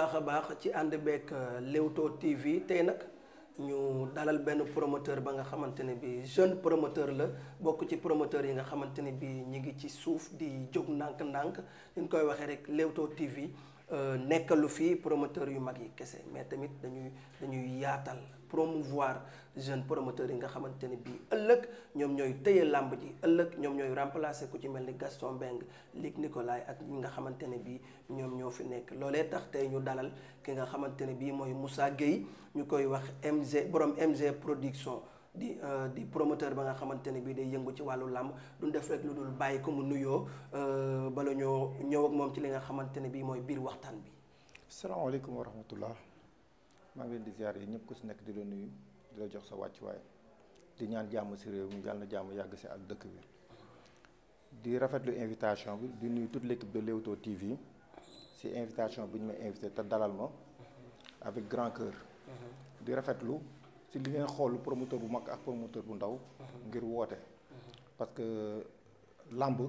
baax a baax ci ànd beeg euh, Leewtoo TV tey nag ñu dalal benn promoteur ba nga xamante ne bi jeune promoteur la bokk ci promoteur yi nga xamante ne bi ñu ngi ci suuf di jóg ndànk-ndànk ñu koy waxee rek Leewtoo TV euh, nekkalu fii promoteur yu mag yi kese mais tamit dañuy dañuy yaatal promouvoir jeune promoteur yi nga xamante ne bii ëllëg ñoom ñooy téye làmb ji ëllëg ñoom ñooy remplacer ku ci mel ni Gaston Mbengue Luc Nicolaï ak ñi nga xamante ne bii ñoom ñoo fi nekk loolee tax tey ñu dalal ki nga xamante ne bii mooy Moussa géey ñu koy wax MG borom MG production di euh, di promoteur ba nga xamante ne bii day yëngu ci wàllu làmb duñ def rek lu dul bàyyi ko mu nuyoo euh, bala ñoo ñëw moom ci li nga xamante ne bii mooy biir waxtaan bi. salaamaaleykum wa maa ngi leen di ziar yi ñëpp ku si nekk di la nuyu di la jox sa wàccuwaay di ñaan jàmm si réew mu jàll na jàmm yàgg si ak dëkk bi di rafetlu invitation bi di nuyu toute l'équipe de Leewtoo TV si invitation bi ñu ma invité te dalal ma avec grand cœur mhm. di rafetlu si li ngeen xool promoteur bu mag ak promoteur bu ndaw mhm. ngir woote mhm. parce que làmb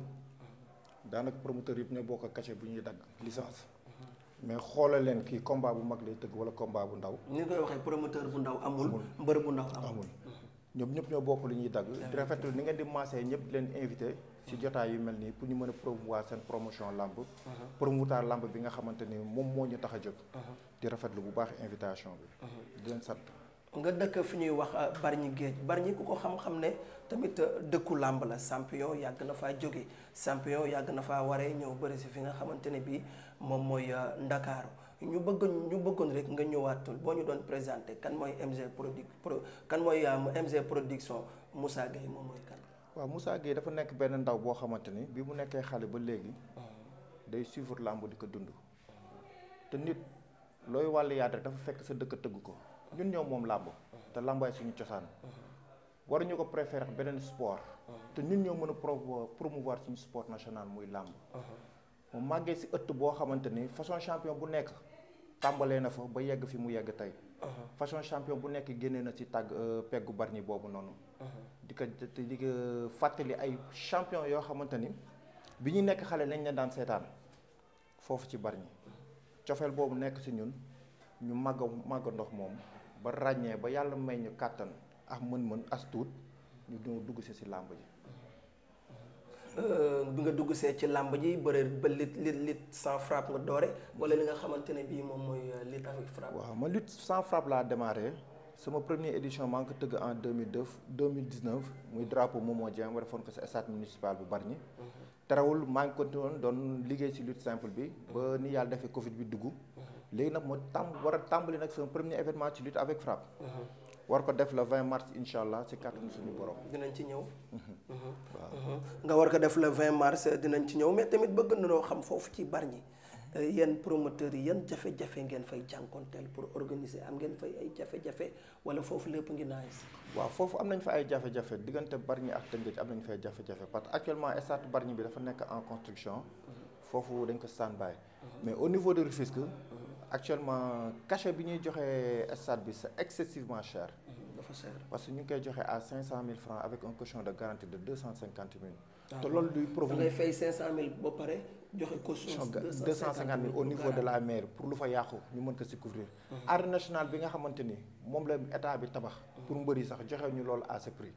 daanaka promoteur yëpp ñoo bokk cachet bu ñuy dagg licence mais xoolal leen kii combat bu mag lay tëgg wala combat bu ndaw. ni nga koy waxee promoteur bu ndaw amul. mbër bu ndaw amul. ñoom ñëpp ñoo bokk li ñuy dagg. di rafetlu ni ngeen di maasee ñëpp leen invité. ci jotaay yi mel nii pour ñu mën a promouvoir seen promotion làmb. Uh-huh. promouvoir làmb bi nga xamante ni moom moo ñu tax a jóg. Uh-huh. di rafetlu bu baax invitation bi. Uh-huh. di leen sant. nga dëkk fi ñuy wax euh, Bargny géej Bargny ku ko xam-xam ne tamit euh, dëkku làmb la champion yàgg na faa jóge champion yàgg na faa waree ñëw bëri si fi nga xamante ne bii moom mooy euh, Ndakaaru ñu bëgg ñu bëggoon rek nga ñëwaatul boo ñu doon présenté kan mooy kan mooy MG production Moussa Gueye moom mooy kan. waaw Moussa Gueye dafa nekk benn ndaw boo xamante ni bi mu nekkee xale ba léegi. day suivre làmb di ko dund. Mm-hmm. te nit looy wàll yaat rek dafa fekk sa dëkk tëgg ko. ñun ñoo moom làmb te làmbaay suñu cosaan waruñu ko préférer beneen sport te ñun ñoo mën a promouvoir suñu sport national muy làmb mu màggee si ëtt boo xamante ni façon champion bu nekk tàmbalee na fa ba yegg fi mu yegg tey façon champion bu nekk génnee na si tàgg euh, peggu barñi boobu noonu di ko di fàttali ay champion yoo xamante ni bi ñu nekk xale lañ leen daan seetaan foofu ci barñi cofeel boobu nekk si ñun ñu màgg màgg ndox moom ba ràññee ba yàlla may ñu kàttan ak mën-mën as tuut ñu doon dugg si si làmb ji. Euh, bi nga dugg see ci làmb ji bëre ba lit lit lit sans frappe nga doore wala li nga xamante ne bii moom mooy euh, lit avec frappe. waaw ma lit sans frappe laa démarré sama première édition maa ngi ko tëgg en deux mille neuf deux mille dix neuf muy drapeau Momo Dieng ma defoon ko sa stade municipal bu Bargny. Mhm. terewul maa ngi continué liggéey si lutte simple bi. ba ni yàlla defee Covid bi dugg. léegi nag moo tam war a tàmbali nag son premier événement ci lutte avec frappe. Mhm. war ko def le mars incha allah ci kàttanu suñu borom. dinañ ci ñëw. Mhm. Mhm. waaw nga war ko def le mars dinañ ci ñëw mais tamit bëgg nañoo xam foofu ci Bargny euh, yan promoteurs yi jafe-jafe ngeen fay jànkonteel pour organiser am ngeen fay ay jafe-jafe wala foofu lépp ngi naaj. waaw foofu am nañ fa ay jafe-jafe diggante Bargny ak Tëngéej am nañ fa ay jafe-jafe parce que actuellement stade Bargny bi dafa nekk en construction. foofu dañ ko stand by. actuellement cachet bi ñuy joxe stade bi c'est excessivement cher. Mmh, dafa cher parce que ñu ngi koy joxe à 500000 francs avec un caution de garantie de 250000. Ah te loolu luy provenir da ngay fay 500000 ba pare au niveau de la mairie pour lu fa yàqu ñu mën ko si couvrir. Mmh. arène nationale bi nga xamante ni moom la état bi tabax. Mmh. pour mbëri sax joxe ñu lool à ce prix.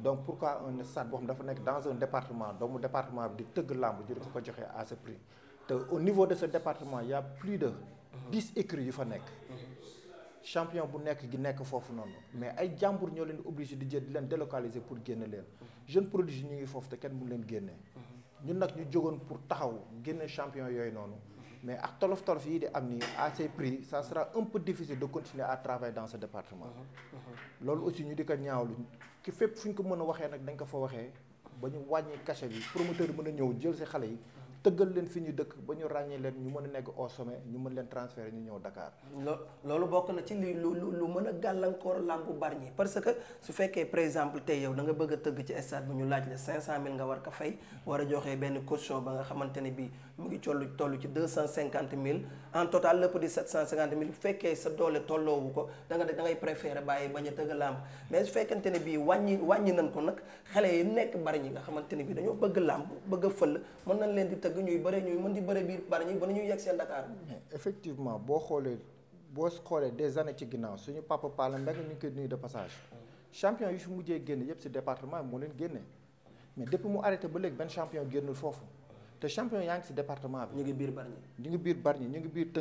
donc pourquoi un stade boo xam dafa nekk dans un département doomu département bi di tëgg làmb di dix écuries yu fa nekk. champion bu nekk gi nekk foofu noonu. mais ay jàmbur ñoo leen obligé di jël di leen délocaliser pour génne leen. jeune produit ñu ngi foofu te kenn mënu leen génne. ñu nag ñu jógoon pour taxaw génne champion yooyu noonu. mais ak tolof tolof yi di am nii à ces prix ça sera un peu difficile de continuer à travailler dans ce département. loolu aussi ñu di ko ñaawlu ki fépp fu ñu ko mën a waxee nag dañ ko fa waxee. ba ñu wàññi cachet bi promoteur bi mën a ñëw jël si xale yi. tëggal leen fi ñu dëkk ba ñu ràññee leen ñu mën a nekk au sommet ñu mën leen transférer ñu ñëw Dakar. loolu bokk na ci li lu lu mën a gàllankoor làmbu Bargny parce que su fekkee par exemple tey yow da nga bëgg a tëgg ci stade bu ñu laaj la 500000 nga war ko fay war a joxe benn caution ba nga xamante ne bii mu ngi toll toll ci 250000 en total lépp di 750000 bu fekkee sa doole tolloowu ko da nga da ngay préférer bàyyi bañ a tëgg làmb mais su fekkente ne bii wàññi wàññi nañ ko nag xale yi nekk Bargny nga xamante ne bii dañoo bëgg làmb tëgg ñuy bëre ñuy mën di bëre biir bari ñi ba ñuy yegg seen Dakar. effectivement boo xoolee boo xoolee des années ci ginnaaw suñu papa Palla Mbengue ñu ngi koy nuyu de passage champion yu fi mujjee génn yëpp si département ba léegi benn champion génnul bi. ñu ngi biir Bargny. ñu ngi biir Bargny ñu ngi biir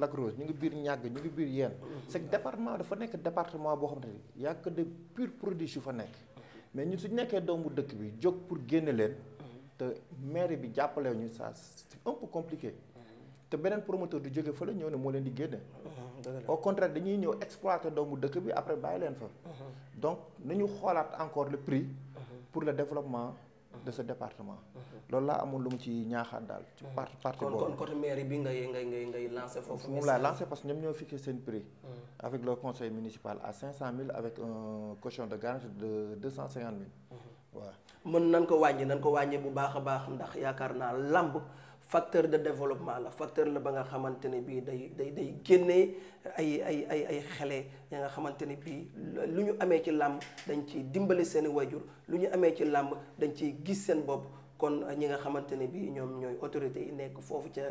Tëngéej Rose ñu ngi biir ñàgg ñu ngi biir Yène. c' est que dafa nekk département boo xam ne y' a que de purs produits yu fa nekk mais ñun suñu nekkee doomu dëkk bi jóg pour génne te maire bi jàppale ñu ça c'est un peu compliqué. te beneen promoteur du jóge fële ñëw ne moo leen di génne. au contraire dañuy ñëw exploiter doomu dëkk bi après bàyyi leen fa. donc nañu xoolaat encore le prix. pour le développement. de ce département. loolu laa amoon lu mu ci ñaaxaat daal. ci parti parti boobu kon moom laa lancé parce que ñoom ñoo fixé seen prix. Mm. avec le conseil municipal à 500000 avec un caution de garantie de 250000. waaw. mën nan ko wàññi nan ko wàññi bu baax a baax ndax yaakaar naa làmb facteur de développement la facteur la ba nga xamante ne bii day day day génnee ay ay ay ay xale ya nga xamante ne bii lu ñu amee ci làmb dañ ci dimbali seeni wajur lu ñu amee ci làmb dañ ciy gis seen bopp kon ñi nga xamante ne bii ñoom ñooy autorité yi nekk foofu ca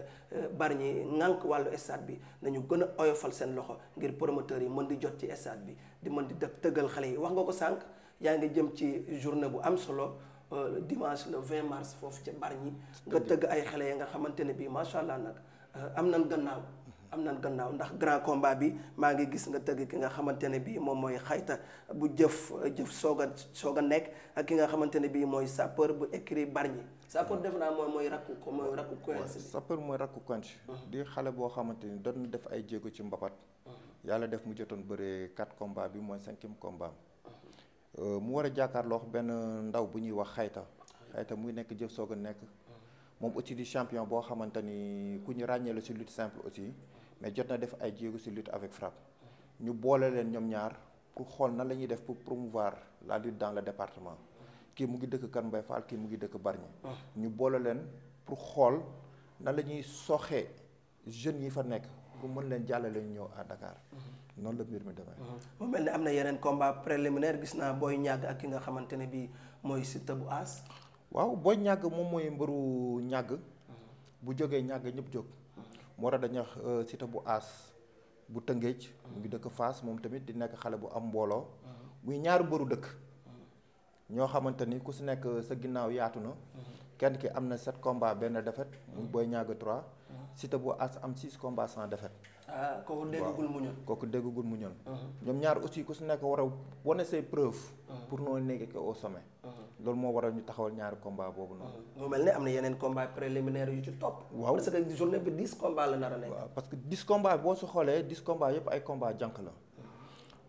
bari ñi ŋànk wàllu stade bi nañu gën a oyofal seen loxo ngir promoteurs yi mën di jot ci stade bi di mën di dëggal xale yi wax nga ko sànq yaa ngi jëm ci journée bu am solo euh, dimanche le 20 mars foofu ca Bargny nga tëgg ay xale ya nga xamante ne bii macha allah nag euh, am nan gannaaw mm-hmm. am nan gannaaw ndax grand combat bi maa ngi gis nga tëgg ki nga xamante ne bii moom mooy xayta bu jëf jëf soog a soog a nekk ak ki nga xamante ne bii mooy sapeur bu écrit Bargny sapeur mm-hmm. def naa mooy mooy rakku ko mooy sapeur mooy rakku coince mm-hmm. di xale boo xamante ni doon def ay jéego ci mbapat yàlla def mu jotoon bëree quatre combat bi mooy cinquième combat Euh, mu war a jàkkaarloo benn ndaw bu ñuy wax xayta xayta muy nekk jëf soog a nekk moom aussi di champion boo xamante ni ku ñu ràññee la si lutte simple aussi mais jot na def ay jéego si lutte avec frappe ñu boole leen ñoom ñaar pour xool nan la ñuy def pour promouvoir la lutte dans le département kii mu ngi dëkk Kër Mbaye Fall kii mu ngi dëkk Bargny ñu boole leen pour xool nan la ñuy soxee jeunes yi fa nekk pour mën leen jàllale ñëw à Dakar noonu la biir mi demee. mu mel ni am na yeneen combat préliminaire gis naa booy Niang ak ki nga xamante ne bii mooy Siteu bu As. waaw Boy Niang moom mooy mbaru ñàgg bu jógee ñàgg ñëpp jóg. moo tax dañuy wax euh, Siteu bu As bu Tëngéej. mu ngi dëkk faas moom tamit di nekk xale bu am mbooloo. muy ñaari mbëru dëkk. ñoo xamante ni ku si nekk euh, sa ginnaaw yaatu na. kenn ki am na sept combats benn défaite. muy Boy Niang 3. Siteu bu As am six combats sans défaite. ah kooku déggagul mu ñor kooku mu ñor. Uh-huh. ñoom ñaar aussi ku si nekk war a wane say preuve. Uh-huh. pour noo nekk au sommet. Uh-huh. loolu moo war a ñu taxawal ñaari combat boobu noonu. mu mel ne am na yeneen combat préliminaire yu ci topp. waaw parce que journée bi a boo si xoolee dix combat yëpp ay combat jànq la.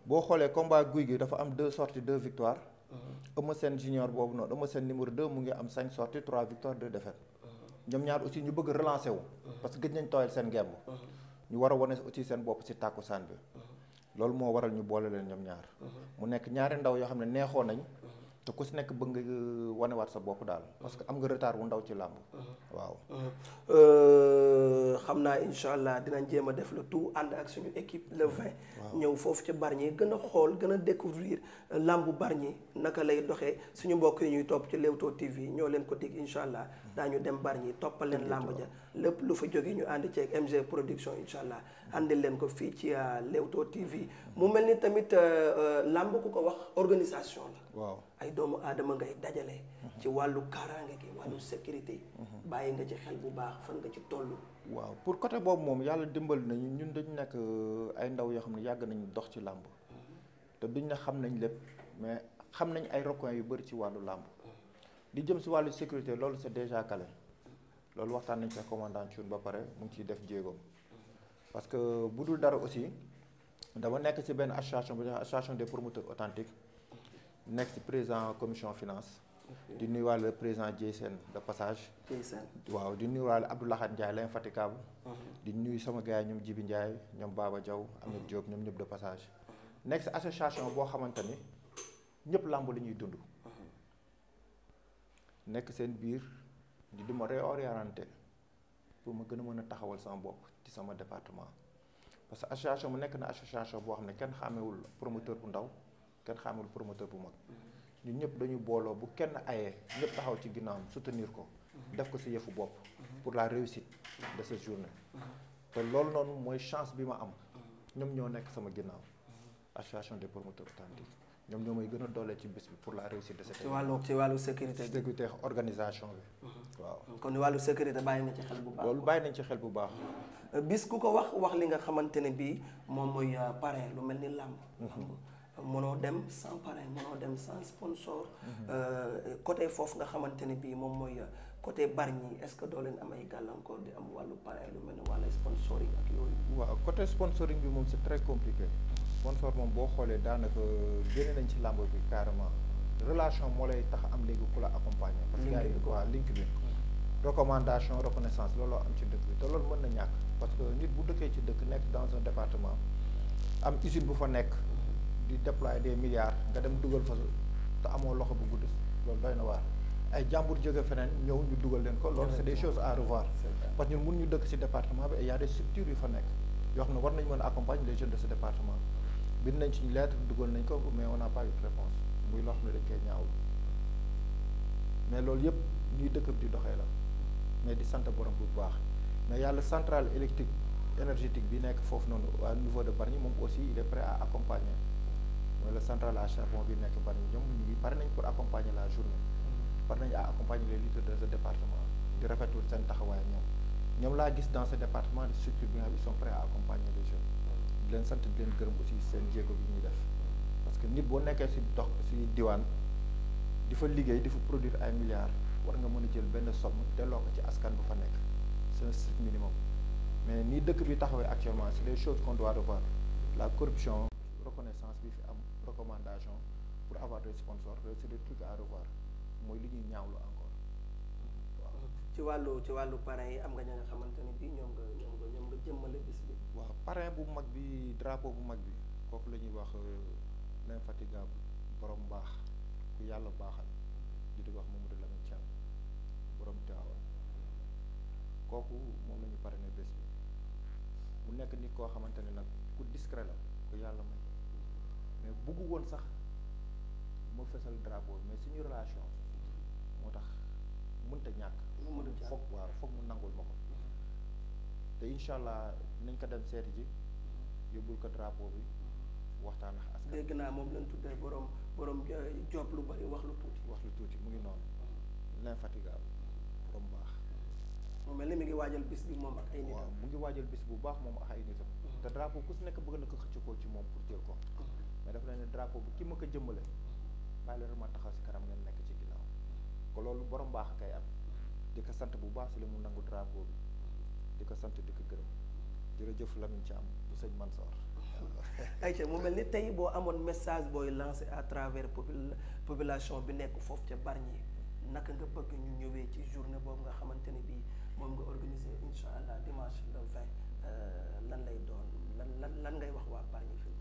boo xoolee combat guy gi dafa am deux sorties deux victoires. Eumeu Sène junior boobu noonu Eumeu seen numéro deux mu ngi am cinq sorties trois victoires deux défaites. ñoom ñaar aussi ñu bëgg relancer wu. parce que gëj nañ tooyal seen gemb. ñu war a wane aussi seen bopp si saan bi uh-huh. loolu moo waral ñu boole leen ñoom ñaar uh-huh. mu nekk ñaari ndaw yoo xam ne neexoo nañ te ku si nekk bëgg nga euh, wanewaat sa bopp daal parce que am nga retard wu ndaw ci làmb uh-huh. waaw uh-huh. Uh, xam naa incha allah dinañ jéem a def le tout ànd ak suñu équipe le ñëw foofu ca Bargny gën a xool gën a découvrir euh, làmb Bargny naka lay doxee suñu mbokk yi ñuy topp ci Leewtoo TV ñoo leen ko dig incha allah daa ñu dem Bargny toppal leen làmb ja lépp lu fa jógee ñu ànd ceeg MG production incha allah àndil mm-hmm. leen ko fii ci euh, Leewtoo TV mu mel ni tamit làmb ku ko wax organisation waaw ay doomu aadama ngay dajale. ci wàllu kaaraange gi wàllu sécurité. bàyyi nga ci xel bu baax fan nga ci toll. waaw pour côté boobu moom yàlla dimbal nañu ñun dañu nekk euh, ay ndaw yoo xam ne yàgg nañu dox ci làmb. te duñ ne xam nañ lépp mais xam nañ ay recoins yu bëri ci wàllu làmb. di jëm si wàllu sécurité loolu c'est déjà calé. loolu waxtaan nañ ca commandant Thioune ba pare mu ngi ciy def jéegoom. parce que bu dul dara aussi dama nekk si benn association bu ñuy association des promoteurs authentiques nekk si président commission finance. di nuy nuyuwaale président Dieye seen de passage. Dieye Sène waaw di nuyuwaale Abdoulahat Ndiaye l'infatigable. di nuyu sama gars ñoom Jibi Ndiaye ñoom Baba Diaw. Ameth Diop ñoom ñëpp de passage. nekk si association boo xamante ni ñëpp làmb li ñuy dund. nekk seen biir di di ma réorienté pour ma gën a mën a taxawal sama bopp ci sama département parce que association mu nekk na association boo xam ne kenn xàmmewul promoteur bu ndaw. kenn xamul promoteur bu mag ñun ñëpp dañu booloo bu kenn ayee ñëpp taxaw ci ginnaawam soutenir ko def ko si yëfu bopp pour la réussite de cette journée te loolu noonu mooy chance bi ma am ñoom ñoo nekk sama ginnaaw association des promoteurs authentiques ñoom ñoo may gën a doole ci bés bi pour la réussite de cette ci wàllu ci wàllu sécurité sécurité organisation bi waaw kon wàllu sécurité bàyyi na ci xel bu baax loolu bàyyi nañ ci xel bu baax bis ku ko wax wax li nga xamante ne bii moom mooy euh, parrain lu mel ni làmb mhm. mënoo dem sans parrain mënoo dem sans sponsor. Mhm. Euh, côté foofu nga xamante ne bii moom mooy euh, côté Bargny est-ce que doo leen am ay gàllankoor di am wàllu parrain lu mel ni wàllu sponsoring ak yooyu. waaw côté sponsoring bi moom c'est très compliqué sponsor moom boo xoolee daanaka génne nañ ci làmb bi carrément relation moo lay tax am léegi ku la accompagne parce que gars yi waa link bi. recommandation reconnaissance looloo am ci dëkk bi te loolu mën na ñàkk parce que nit bu dëkkee ci dëkk nekk dans un département am usine bu fa nekk. di déployer des milliards nga dem dugal fa te amoo loxo bu gudd loolu doy na waar ay jàmbur jóge feneen ñëw ñu dugal leen ko loolu c'est des choses à revoir parce que ñun mun ñu dëkk ci département bi et y a des structures yu fa nekk yoo xam ne war nañu mën accompagne accompagner les jeunes de ce département bind nañ ci lettre dugal nañ ko mais on n'a pas eu de muy loo xam ne dañ koy ñaaw mais loolu yëpp ñuy dëkk di doxee la mais di sant borom bu baax mais yàlla centrale électrique énergétique bi nekk foofu noonu au niveau de Bargny moom aussi il est à accompagner mooy la centrale à bi nekk Bargny ñoom ñu ngi pare nañ pour accompagner la journée pare nañ à accompagner les de ce di rafetlu seen taxawaay ñoom ñoom laa gis dans ce département de structure bi nga xam ils sont prêts à accompagner les jeunes leen sant leen gërëm aussi seen jéego bi ñuy def parce que nit boo nekkee si dox si diwaan di fa liggéey di fa produire ay milliards war nga mën a jël benn somme delloo ko ci askan bu fa nekk c'est un strict minimum mais ni dëkk bi taxawee actuellement c'est les choses qu'on doit revoir la recommandation pour avoir des sponsors c'est des trucs à revoir mooy li ñuy ñaawlu encore waaw. ci wàllu ci wàllu parrain yi am nga ña nga xamante ne bii ñoom nga ñoom nga ñoom nga jëmmale bis bi. waaw parrain bu mag bi drapeau bu mag bi kooku la ñuy wax euh, l'infatigable borom baax ku yàlla baaxal di di wax Mamadou Lamine Thiam borom Tiwaawan kooku moom la ñu parrainé bés bi mu nekk nit koo xamante ne nag ku discret la ku yàlla may. mais buggu woon sax ma fësal drapeau mais suñu relation moo tax mun te ñàkk. foog waaw foog mu nangul ma ko. Mm-hmm. te incha allah nañ ko dem seeti ji mm-hmm. yóbbul ko drapeau bi mm-hmm. waxtaan ak askan dégg naa moom lañ tuddee borom borom job lu bari wax lu tuuti. wax lu tuuti mu ngi noonu. l'infatigable borom baax. moom mel ni mi ngi waajal bis bi moom ak ay nitam. waaw mu ngi waajal bis bu baax moom ak ay nitam. te drapeau ku si nekk bëgg na ko xëcc ko ci moom pour jël ko. mais dafa leen ne drapeau bi ki ma ko jëmmale bàyyi leen ma taxaw si kanam ngeen nekk ci ginnaaw ko loolu borom baax kay am di ko sant bu baax si li mu nangu drapeau bi di ko sant di ko gërëm jërëjëf Lamine Thiam bu sëñ Mansour. ayca mu mel ni tey boo amoon message booy lancé à travers population bi nekk foofu ca Bargny naka nga bëgg ñu ñëwee ci journée boobu nga xamante ne bii moom nga organisé incha allah dimanche le 20 euh, lan lay doon lan lan lan ngay wax waa Bargny fi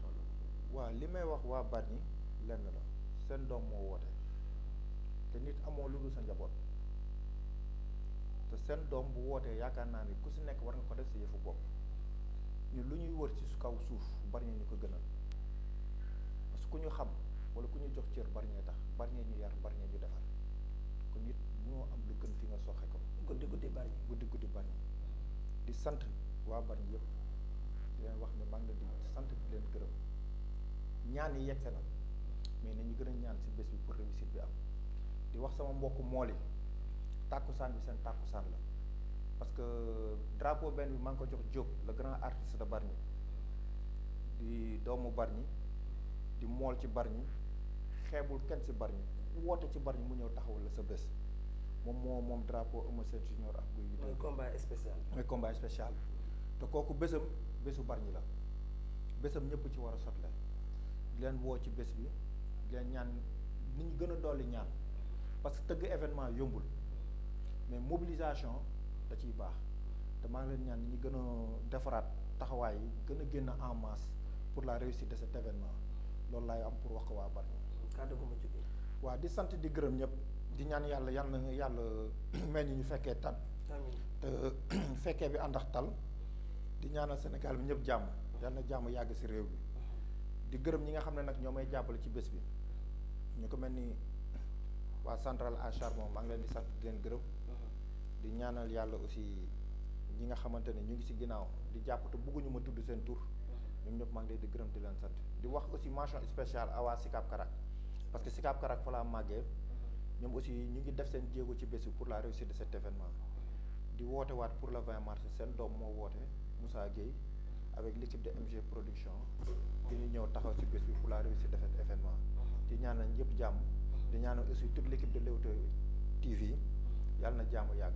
waaw li may wax waa Bargny lenn la seen doom moo woote te nit amoo lu dul sa njaboot te seen doom bu wootee yaakaar naa ni ku si nekk war nga ko def sa yëfu bopp ñu lu ñuy wër ci kaw suuf Bargny ñu ko gënal parce que ku ñu xam wala ku ñu jox cër Bargny tax Bargny ñu yar Bargny ñu defar ku nit moo am lu gën fi nga soxe ko guddi guddi Bargny guddi guddi Bargny di sant waa Bargny yëpp di leen wax ne maa ngi leen di sant di leen gërëm ñaan yi yegg na mais nañu gën a ñaan si bés bi pour réussite bi am di wax sama mbokku mool yi tàkkusaan bi seen tàkkusaan la parce que drapeau benn bi maa ngi ko jox Diop la grand artiste de Bargny di doomu Bargny di mool ci Bargny xeebul kenn si Bargny woote ci Bargny mu ñëw taxawal la sa bés moom moo moom drapo Eumeu Sène junior ak Gouye Gui mooy combat spécial mooy combat spécial te kooku bésam bésu Bargny la bésam ñëpp ci war a sotle di leen woo ci bés bi di leen ñaan ni ñu gën a dolli ñaan parce que tëgg événement yombul mais mobilisation da ciy baax te maa ngi leen ñaan ni ñu gën a defaraat taxawaay yi gën a génn en masse pour la réussite de cet événement loolu laay am pour wax ko waa Bargny. kàddu gu mujj waaw di sant di gërëm ñëpp di ñaan yàlla yàlla na yàlla mel ni ñu fekkee tan te fekkee bi ànd ak tal di ñaanal Sénégal bi ñëpp jàmm yàlla na jàmm yàgg si réew bi di gërëm ñi nga xam ne nag ñoo may jàppale ci bés bi ñu ko mel ni waa centrale à charbon maa ngi leen di sant di leen gërëm di ñaanal yàlla aussi ñi nga xamante ne ñu ngi ci ginnaaw di jàppatu bëgguñu ma tudd seen tur ñoom ñëpp maa ngi leen di gërëm di leen sant di wax aussi mention spéciale awaa waa Sicap Karak parce que Sicap Karak fa laa màggee ñoom aussi ñu ngi def seen jéego ci bés bi pour la réussite de cet événement di woote waat pour le 20 mars seen doom moo woote Moussa Gueye avec l' équipe de MG production dina ñëw taxaw ci bés bi pour la réussite de cet événement di ñaanal ñëpp jàmm di ñaanal aussi toute l' équipe de Leewtoo TV yàlla na jàmm yàgg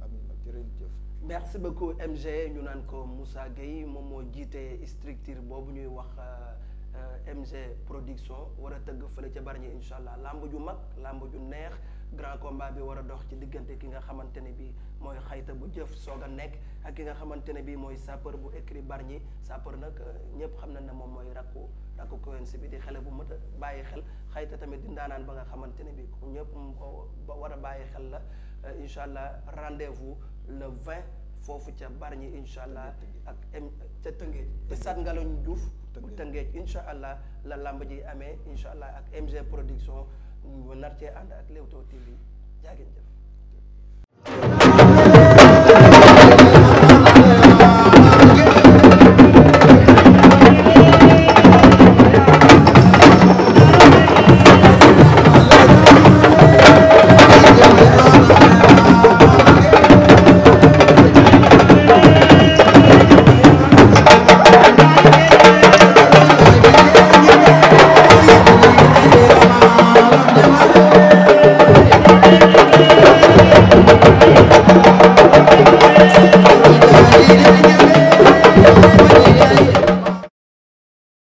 amiin jërëjëf merci beaucoup MG ñu naan ko Moussa Gueye moom moo jiite structure boobu ñuy wax euh, MG production war a tëgg fële ca Bargny incha allah làmb ju mag làmb ju neex grand combat bi war a dox ci diggante ki nga xamante ne bi mooy xayta bu jëf soo a nekk ak ki nga xamante ne bii mooy sapeur bu écrit barñi sapeur nag euh, ñëpp xam nañ ne moom mooy rakku rakku Quench bi di xele bu mët a bàyyi xel xayta tamit di ndaanaan ba nga xamante ne bii ku ñëpp mu ko war a bàyyi xel la euh, incha allah rendez-vous le 20 foofu ca barñi incha allah ak m ca Tëngéej stade Ngalandou bu Tëngéej incha allah la lamb ji amee incha allah ak MG production nar cee ànd ak Leewtoo TV jaa ngeen jëf